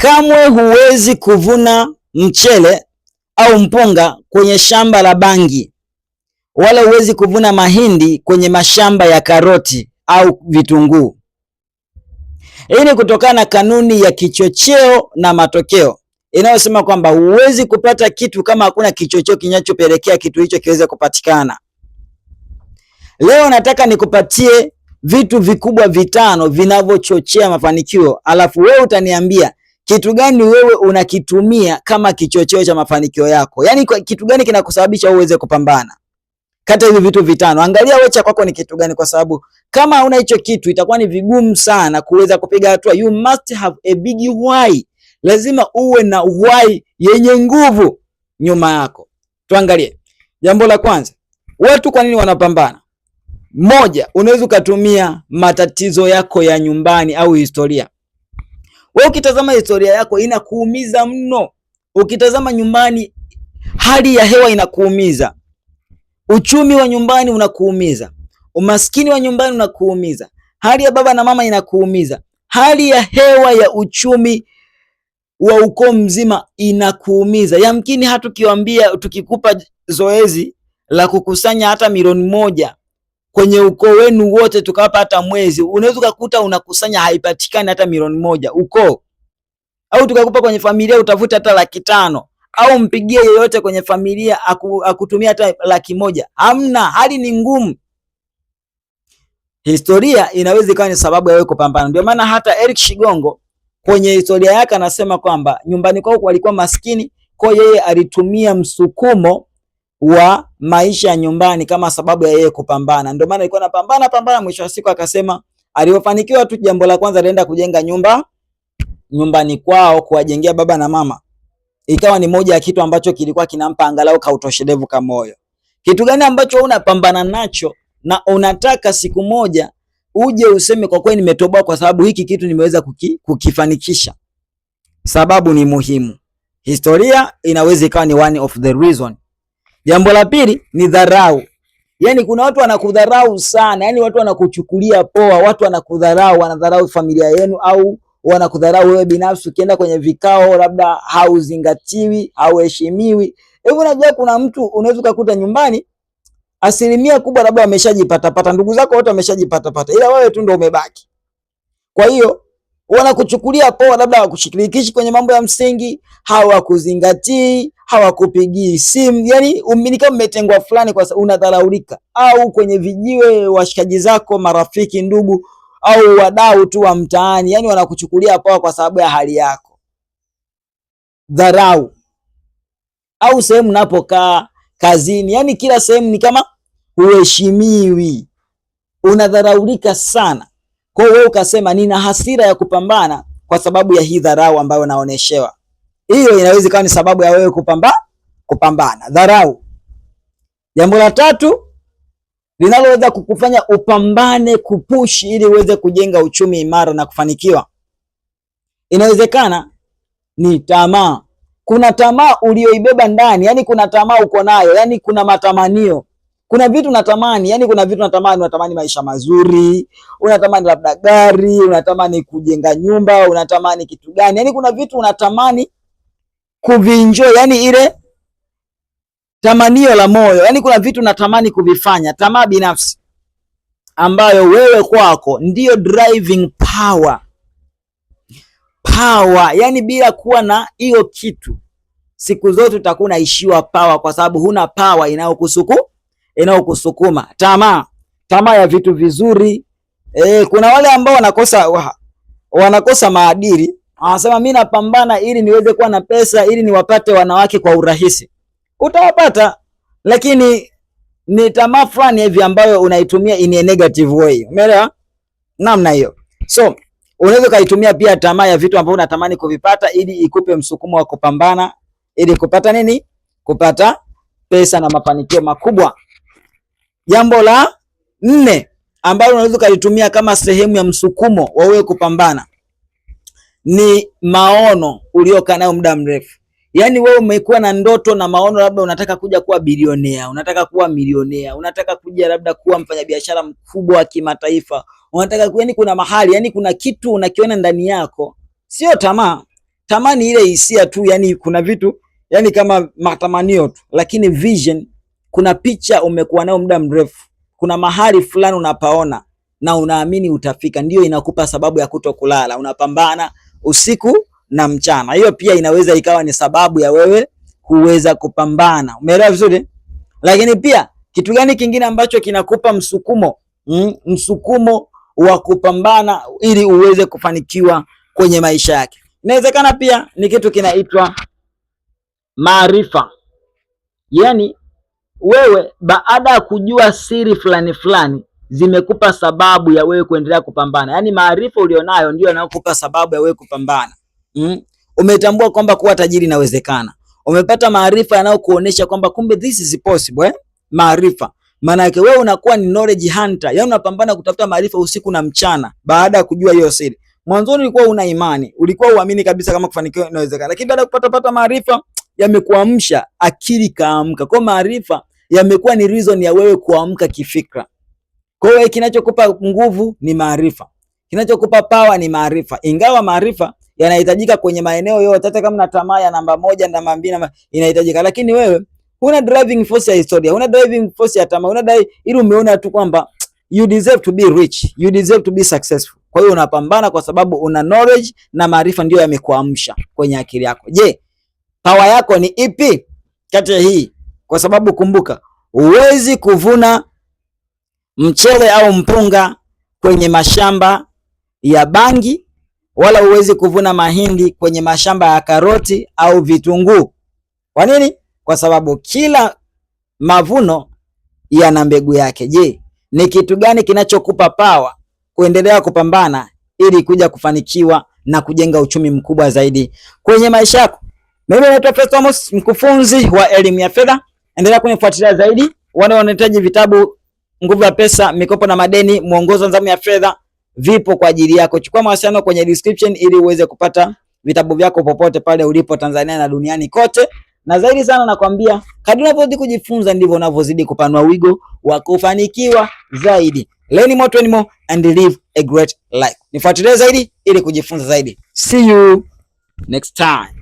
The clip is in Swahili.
Kamwe huwezi kuvuna mchele au mpunga kwenye shamba la bangi, wala huwezi kuvuna mahindi kwenye mashamba ya karoti au vitunguu. Hii ni kutokana na kanuni ya kichocheo na matokeo inayosema kwamba huwezi kupata kitu kama hakuna kichocheo kinachopelekea kitu hicho kiweze kupatikana. Leo nataka nikupatie vitu vikubwa vitano vinavyochochea mafanikio, alafu wewe utaniambia kitu gani wewe unakitumia kama kichocheo cha mafanikio yako? Yaani kitu gani kinakusababisha uweze kupambana? Kata hivi vitu vitano, angalia wewe cha kwako ni kitu gani, kwa sababu kama hauna hicho kitu itakuwa ni vigumu sana kuweza kupiga hatua. You must have a big why. Lazima uwe na why yenye nguvu nyuma yako. Tuangalie jambo la kwanza, watu kwa nini wanapambana? Moja, unaweza ukatumia matatizo yako ya nyumbani au historia wewe ukitazama historia yako inakuumiza mno. Ukitazama nyumbani, hali ya hewa inakuumiza, uchumi wa nyumbani unakuumiza, umaskini wa nyumbani unakuumiza, hali ya baba na mama inakuumiza, hali ya hewa ya uchumi wa ukoo mzima inakuumiza. Yamkini hata tukiwaambia, tukikupa zoezi la kukusanya hata milioni moja kwenye ukoo wenu wote tukawapa hata mwezi, unaweza ukakuta unakusanya haipatikani hata milioni moja ukoo, au tukakupa kwenye familia utavuta hata laki tano au mpigie yeyote kwenye familia aku, akutumia hata laki moja. Hamna, hali ni ngumu. Historia inaweza ikawa ni sababu ya wewe kupambana. Ndio maana hata Eric Shigongo kwenye historia yake anasema kwamba nyumbani kwao walikuwa maskini, kwa yeye alitumia msukumo wa maisha ya nyumbani kama sababu ya yeye kupambana. Ndio maana alikuwa anapambana pambana, mwisho wa siku akasema aliyofanikiwa tu, jambo la kwanza alienda kujenga nyumba nyumbani kwao, kuwajengea baba na mama, ikawa ni moja ya kitu ambacho kilikuwa kinampa angalau kautoshelevu moyo. Kitu gani ambacho unapambana nacho na unataka siku moja uje useme kwa kweli, nimetoboa kwa sababu hiki kitu nimeweza kuki, kukifanikisha. Sababu ni muhimu. Historia inaweza ikawa ni one of the reason Jambo la pili ni dharau. Yaani kuna watu wanakudharau sana, yaani watu wanakuchukulia poa, watu wanakudharau, wanadharau familia yenu au wanakudharau wewe binafsi. Ukienda kwenye vikao, labda hauzingatiwi, hauheshimiwi. Hebu unajua, kuna mtu unaweza ukakuta nyumbani asilimia kubwa labda wameshajipatapata, ndugu zako wote wameshajipatapata, ila wewe tu ndio umebaki. Kwa hiyo wanakuchukulia poa, labda hawakushirikishi kwenye mambo ya msingi, hawakuzingatii, hawakupigii simu, yani um, ni kama umetengwa fulani, kwa sababu unadharaulika. Au kwenye vijiwe, washikaji zako, marafiki, ndugu au wadau tu wa mtaani, yani wanakuchukulia poa kwa sababu ya hali yako. Dharau au sehemu napokaa, kazini, yani kila sehemu ni kama uheshimiwi unadharaulika sana. Kwa hiyo wewe ukasema nina hasira ya kupambana kwa sababu ya hii dharau ambayo naoneshewa. Hiyo inaweza ikawa ni sababu ya wewe kupamba, kupambana dharau. Jambo la tatu linaloweza kukufanya upambane kupushi ili uweze kujenga uchumi imara na kufanikiwa, inawezekana ni tamaa. Kuna tamaa uliyoibeba ndani, yani kuna tamaa uko nayo, yani kuna matamanio kuna vitu unatamani, yani kuna vitu natamani, unatamani maisha mazuri, unatamani labda gari, unatamani kujenga nyumba, unatamani kitu gani? Yani kuna vitu unatamani kuvinjoy, yani ile tamanio la moyo, yani kuna vitu unatamani kuvifanya, tamaa binafsi ambayo wewe kwako ndiyo driving power power. Yani bila kuwa na hiyo kitu, siku zote utakuwa unaishiwa power, kwa sababu huna power inayokusukuma inayokusukuma tamaa, tamaa ya vitu vizuri. E, kuna wale ambao wanakosa wa, wanakosa maadili, anasema mimi napambana ili niweze kuwa na pesa ili niwapate wanawake kwa urahisi. Utawapata, lakini ni tamaa fulani hivi ambayo unaitumia in a negative way, umeelewa namna hiyo. So unaweza kaitumia pia tamaa ya vitu ambavyo unatamani kuvipata ili ikupe msukumo wa kupambana ili kupata nini? Kupata pesa na mafanikio makubwa. Jambo la nne ambalo unaweza ukalitumia kama sehemu ya msukumo wa wewe kupambana ni maono uliokaa nayo muda mrefu. Yaani wewe umekuwa na ndoto na maono, labda unataka kuja kuwa bilionea, unataka kuwa milionea, unataka kuja labda kuwa mfanyabiashara mkubwa wa kimataifa, unataka yani kuna mahali yani kuna kitu unakiona ndani yako, sio tamaa. Tamaa ni ile hisia tu, yani kuna vitu yani kama matamanio tu, lakini vision kuna picha umekuwa nayo muda mrefu, kuna mahali fulani unapaona na unaamini utafika, ndiyo inakupa sababu ya kuto kulala. Unapambana usiku na mchana, hiyo pia inaweza ikawa ni sababu ya wewe kuweza kupambana. Umeelewa vizuri? Lakini pia kitu gani kingine ambacho kinakupa msukumo mm, msukumo wa kupambana ili uweze kufanikiwa kwenye maisha yake? Inawezekana pia ni kitu kinaitwa maarifa, yani wewe baada ya kujua siri fulani fulani zimekupa sababu ya wewe kuendelea kupambana. Yaani maarifa ulionayo ndio yanayokupa sababu ya wewe kupambana. Mm? Umetambua kwamba kuwa tajiri inawezekana. Umepata maarifa yanayokuonesha kwamba kumbe this is possible eh? Maarifa. Maana yake wewe unakuwa ni knowledge hunter. Yaani unapambana kutafuta maarifa usiku na mchana baada ya kujua hiyo siri. Mwanzoni ulikuwa una imani, ulikuwa uamini kabisa kama kufanikiwa inawezekana. Lakini baada ya kupata pata maarifa yamekuamsha, akili kaamka. Kwa maarifa yamekuwa ni reason ya wewe kuamka kifikra. Kwa hiyo kinachokupa nguvu ni maarifa, kinachokupa power ni maarifa, ingawa maarifa yanahitajika kwenye maeneo yote, hata kama na tamaa ya namba moja, namba mbili inahitajika, lakini wewe huna driving force ya historia, huna driving force ya tamaa, una dai, ili umeona tu kwamba you deserve to be rich, you deserve to be successful. Kwa hiyo unapambana kwa sababu una knowledge na maarifa ndio yamekuamsha kwenye akili yako. Je, power yako ni ipi kati ya hii? kwa sababu kumbuka, huwezi kuvuna mchele au mpunga kwenye mashamba ya bangi wala huwezi kuvuna mahindi kwenye mashamba ya karoti au vitunguu. Kwa nini? Kwa sababu kila mavuno yana mbegu yake. Je, ni kitu gani kinachokupa pawa kuendelea kupambana ili kuja kufanikiwa na kujenga uchumi mkubwa zaidi kwenye maisha yako? Mimi naitwa Festo Amos, mkufunzi wa elimu ya fedha. Endelea kunifuatilia zaidi. Wale wanahitaji vitabu Nguvu ya Pesa, Mikopo na Madeni, Mwongozo wa Nidhamu ya Fedha vipo kwa ajili yako. Chukua mawasiliano kwenye description ili uweze kupata vitabu vyako popote pale ulipo Tanzania na duniani kote. Na zaidi sana nakwambia, kadri unavyozidi kujifunza ndivyo unavyozidi kupanua wigo wa kufanikiwa zaidi. Learn more to more and live a great life. Nifuatilie zaidi ili kujifunza zaidi. See you next time.